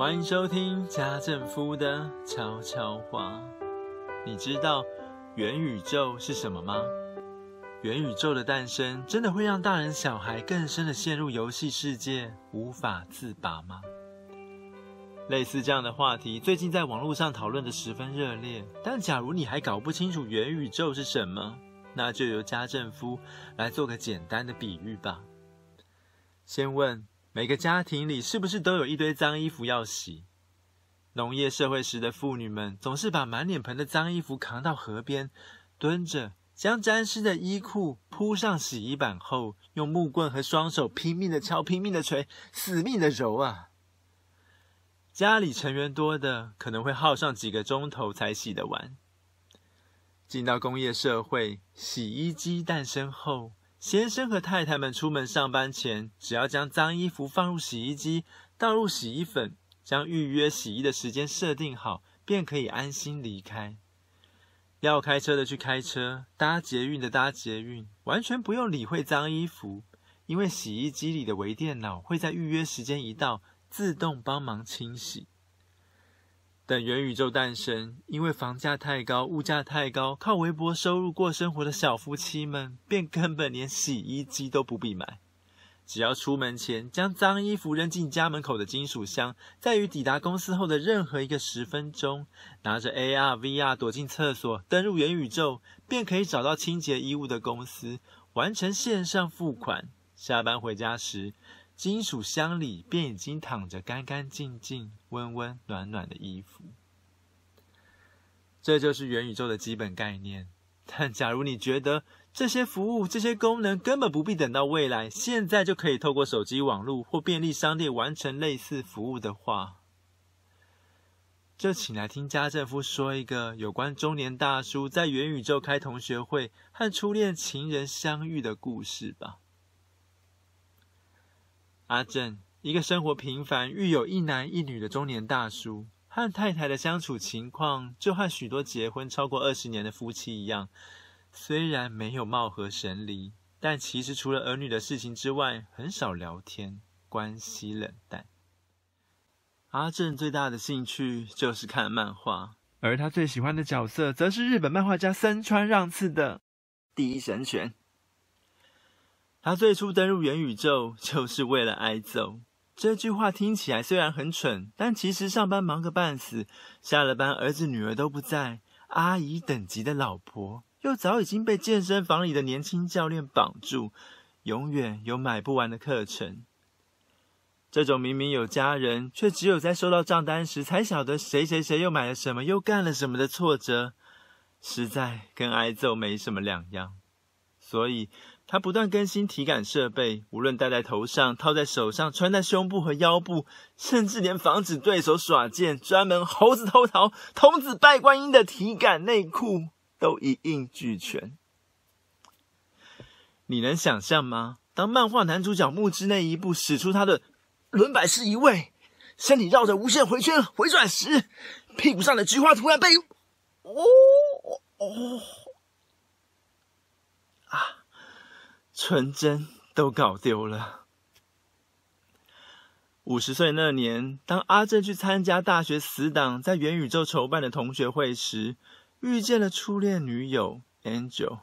歡迎收聽家政夫的悄悄話。你知道元宇宙是什麼嗎？元宇宙的誕生真的會讓大人小孩更深地陷入遊戲世界，無法自拔嗎？類似這樣的話題，最近在網絡上討論得十分熱烈。但假如你還搞不清楚元宇宙是什麼，那就由家政夫來做個簡單的比喻吧。先問。每個家庭裡是不是都有一堆髒衣服要洗？農業社會時的婦女們總是把滿臉盆的髒衣服扛到河邊，蹲着將沾濕的衣褲鋪上洗衣板後，用木棍和雙手拼命的敲、拼命的錘，死命的揉啊。家裡成員多的，可能會耗上幾個鐘頭才洗得完。進到工業社會，洗衣機誕生後，先生和太太們出門上班前，只要將髒衣服放入洗衣機，倒入洗衣粉，將預約洗衣的時間設定好，便可以安心離開。要開車的去開車，搭捷運的搭捷運，完全不用理會髒衣服，因為洗衣機裡的微電腦會在預約時間一到，自動幫忙清洗。等元宇宙誕生，因為房價太高、物價太高，靠微薄收入過生活的小夫妻們，便根本連洗衣機都不必買。只要出門前將髒衣服扔進家門口的金屬箱，再於抵達公司後的任何一個十分鐘，拿着 AR VR 躲進廁所，登入元宇宙，便可以找到清潔衣物的公司，完成線上付款。下班回家時，金屬箱裡便已經躺着乾乾淨淨、溫溫暖暖的衣服。這就是元宇宙的基本概念。但假如你覺得這些服務、這些功能根本不必等到未來，現在就可以透過手機網路或便利商店完成類似服務的話，就請來聽家政夫說一個有關中年大叔在元宇宙開同學會和初戀情人相遇的故事吧。阿正，一個生活平凡、育有一男一女的中年大叔，和太太的相處情況就和許多結婚超過二十年的夫妻一樣，雖然沒有貌合神離，但其實除了兒女的事情之外，很少聊天，關係冷淡。阿正最大的興趣就是看漫畫，而他最喜歡的角色則是日本漫畫家森川讓次的《第一神拳》。他最初登入元宇宙就是為了挨揍。這句話聽起來雖然很蠢，但其實上班忙個半死，下了班兒子女兒都不在，阿姨等級的老婆又早已經被健身房裡的年輕教練綁住，永遠有買不完的課程。這種明明有家人，卻只有在收到賬單時才曉得誰誰誰又買了什麼，又幹了什麼的挫折，實在跟挨揍沒什麼兩樣。所以。他不斷更新體感設備，無論戴在頭上、套在手上、穿在胸部和腰部，甚至連防止對手耍劍、專門猴子偷桃、童子拜觀音的體感內褲都一應俱全。你能想象嗎？當漫畫男主角幕之內一步使出他的輪擺式移位，身體繞着無限回圈回轉時，屁股上的菊花突然被……哦哦。純真都搞丟了。五十歲那年，當阿正去參加大學死黨在元宇宙籌辦的同學會時，遇見了初戀女友 Angel。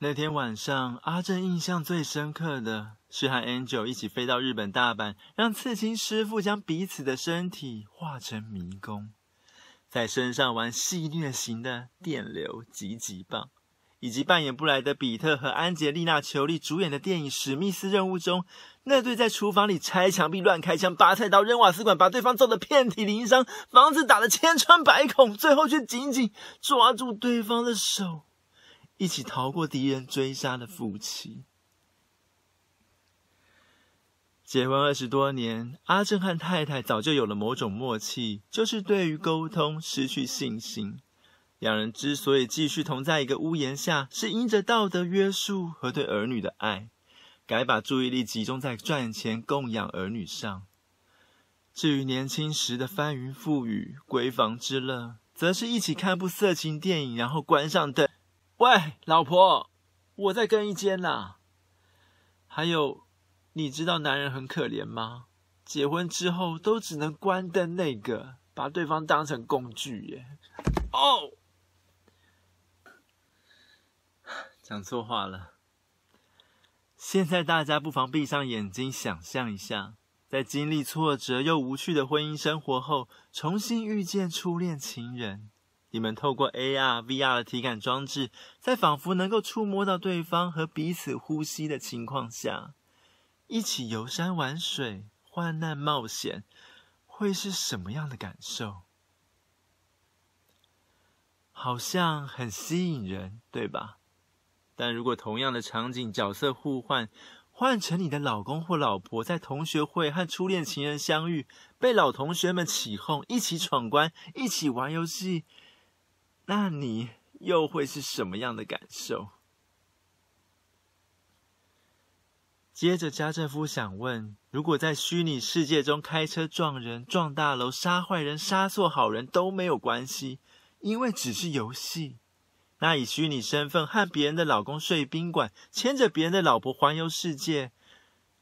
那天晚上，阿正印象最深刻的是和 Angel 一起飛到日本大阪，讓刺青師傅將彼此的身體畫成迷宮，在身上玩戲虐型的電流急急棒。以及扮演布萊德·彼特和安吉麗娜·裘麗主演的電影《史密斯任務》中，那對在廚房裡拆牆壁、亂開槍、拔菜刀、扔瓦斯管，把對方揍得遍體鱗傷，房子打得千瘡百孔，最後卻緊緊抓住對方的手，一起逃過敵人追殺的夫妻。結婚二十多年，阿正和太太早就有了某種默契，就是對於溝通失去信心。兩人之所以繼續同在一個屋檐下，是因着道德約束和對兒女的愛，改把注意力集中在賺錢供養兒女上。至於年輕時的翻雲覆雨、閨房之樂，則是一起看部色情電影，然後關上燈。喂，老婆，我在更衣間啦。還有，你知道男人很可憐嗎？結婚之後都只能關燈，那個把對方當成工具耶。哦。講錯話了。現在大家不妨閉上眼睛，想象一下，在經歷挫折又無趣的婚姻生活後，重新遇見初戀情人。你們透過 AR、VR 的體感裝置，在仿佛能夠觸摸到對方和彼此呼吸的情況下，一起遊山玩水、患難冒險，會是什麼樣的感受？好像很吸引人，對吧？但如果同樣的場景角色互換，換成你的老公或老婆，在同學會和初戀情人相遇，被老同學們起哄，一起闖關，一起玩遊戲，那你又會是什麼樣的感受？接着家政夫想問，如果在虛擬世界中開車撞人、撞大樓、殺壞人、殺錯好人都沒有關係，因為只是遊戲。那以虛擬身份和別人的老公睡賓館，牽着別人的老婆環遊世界，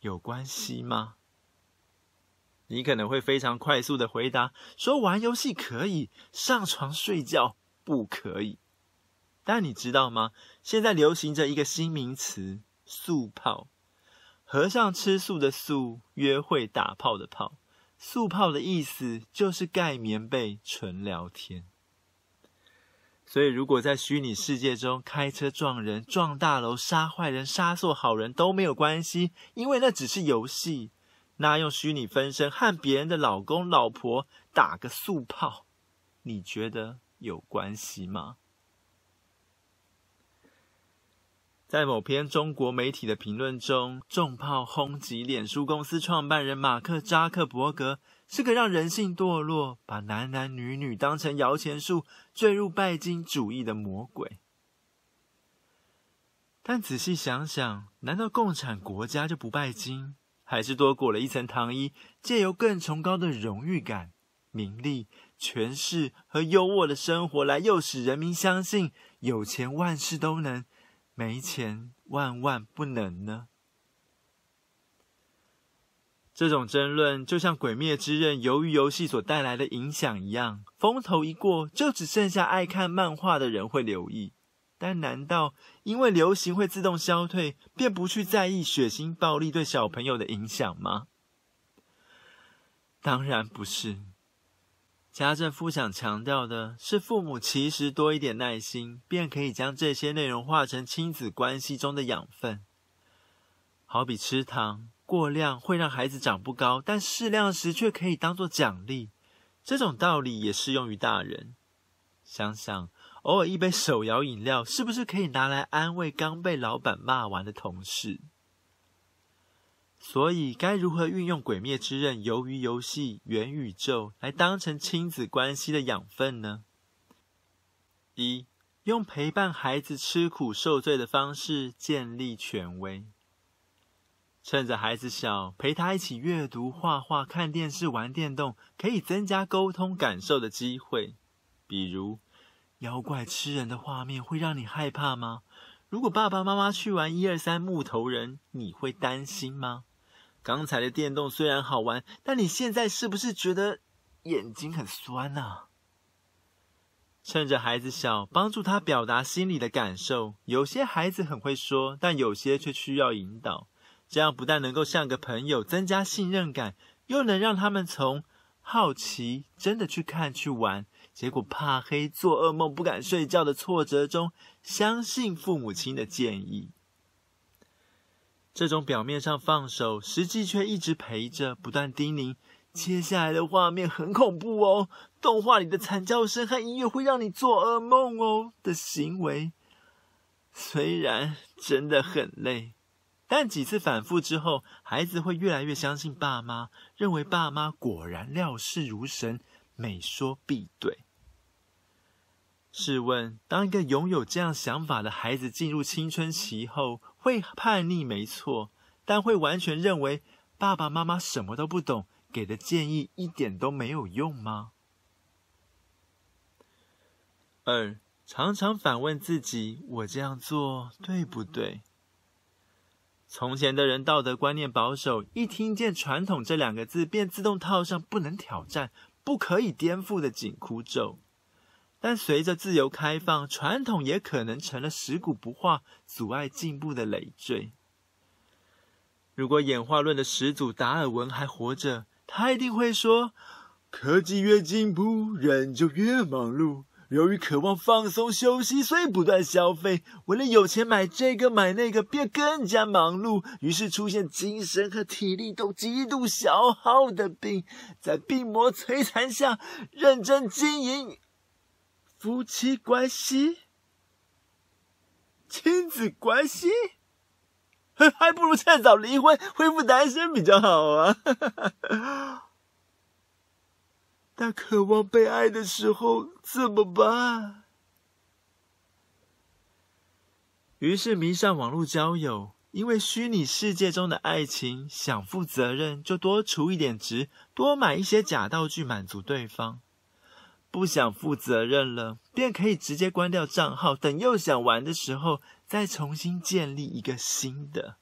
有關係嗎？你可能會非常快速地回答說：玩遊戲可以，上床睡覺不可以。但你知道嗎？現在流行着一個新名詞“素炮”，和尚吃素的素，約會打炮的炮，“素炮”的意思就是蓋棉被純聊天。所以，如果在虛擬世界中開車撞人、撞大樓、殺壞人、殺錯好人，都沒有關係，因為那只是遊戲。那用虛擬分身和別人的老公、老婆打個素砲，你覺得有關係嗎？在某篇中國媒體的評論中，重炮轟擊臉書公司創辦人馬克扎克伯格是個讓人性墮落、把男男女女當成搖錢樹、墜入拜金主義的魔鬼。但仔細想想，難道共產國家就不拜金？還是多裹了一層糖衣，借由更崇高的榮譽感、名利、權勢和優渥的生活來誘使人民相信有錢萬事都能？沒錢，萬萬不能呢。這種爭論就像《鬼滅之刃》、魷魚遊戲所帶來的影響一樣，風頭一過，就只剩下愛看漫畫的人會留意。但難道因為流行會自動消退，便不去在意血腥暴力對小朋友的影響嗎？當然不是。家政夫想強調的是，父母其實多一點耐心，便可以將這些內容化成親子關係中的養分。好比吃糖，過量會讓孩子長不高，但適量時却可以當作獎勵。這種道理也適用於大人。想想，偶爾一杯手搖飲料，是不是可以拿來安慰剛被老闆罵完的同事？所以該如何運用《鬼滅之刃》、《魷魚遊戲》、元宇宙來當成親子關係的養分呢？一、用陪伴孩子吃苦受罪的方式建立權威。趁着孩子小，陪他一起閱讀、畫畫、看電視、玩電動，可以增加溝通感受的機會。比如，妖怪吃人的畫面會讓你害怕嗎？如果爸爸媽媽去玩一二三木頭人，你會擔心嗎？剛才的電動雖然好玩，但你現在是不是覺得眼睛很痠啊？趁着孩子小，幫助他表達心裡的感受。有些孩子很會說，但有些卻需要引導。這樣不但能夠像個朋友，增加信任感，又能讓他們從好奇、真的去看、去玩，結果怕黑、做噩夢、不敢睡覺的挫折中，相信父母親的建議。這種表面上放手，實際卻一直陪着、不斷叮嚀，接下來的畫面很恐怖哦！動畫裡的慘叫聲和音樂會讓你做噩夢哦！的行為，雖然真的很累，但幾次反覆之後，孩子會越來越相信爸媽，認為爸媽果然料事如神，每說必對。試問，當一個擁有這樣想法的孩子進入青春期後，會叛逆沒錯，但會完全認為爸爸媽媽什麼都不懂，給的建議一點都沒有用嗎？二、常常反問自己：我這樣做對不對？從前的人道德觀念保守，一聽見“傳統”這兩個字，便自動套上“不能挑戰、不可以顛覆”的緊箍咒。但隨着自由開放，傳統也可能成了食古不化、阻礙進步的累贅。如果演化論的始祖達爾文還活着，他一定會說：科技越進步，人就越忙碌。由於渴望放鬆休息，所以不斷消費，為了有錢買這個買那個，便更加忙碌。於是出現精神和體力都極度消耗的病，在病魔摧殘下，認真經營。夫妻關係、親子關係，還不如趁早離婚，恢復單身比較好啊！但 渴望被愛的時候怎麼辦？於是迷上網絡交友，因為虛擬世界中的愛情，想負責任就多儲一點值，多買一些假道具滿足對方。不想負責任了，便可以直接關掉賬號，等又想玩的時候再重新建立一個新的。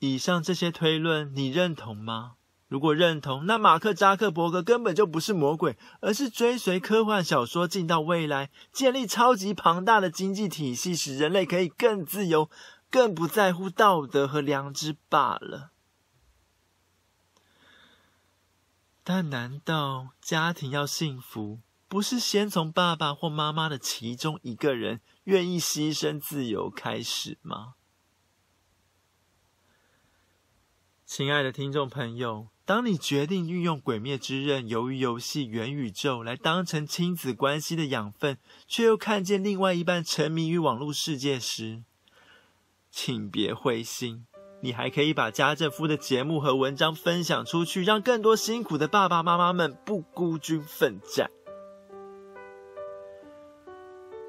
以上這些推論，你認同嗎？如果認同，那馬克扎克伯格根本就不是魔鬼，而是追隨科幻小說進到未來，建立超級龐大的經濟體系，使人類可以更自由、更不在乎道德和良知罷了。但難道家庭要幸福，不是先從爸爸或媽媽的其中一個人願意犧牲自由開始嗎？親愛的聽眾朋友，當你決定運用《鬼滅之刃》、《魷魚遊戲》、元宇宙來當成親子關係的養分，卻又看見另外一半沉迷於網絡世界時，請別灰心。你還可以把家政夫的節目和文章分享出去，讓更多辛苦的爸爸媽媽們不孤軍奮戰。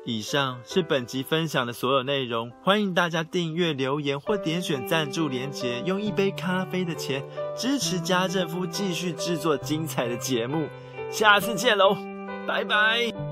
以上是本集分享的所有內容，歡迎大家訂閱、留言或點選贊助連結，用一杯咖啡的錢支持家政夫繼續制作精彩的節目。下次見嘍，拜拜。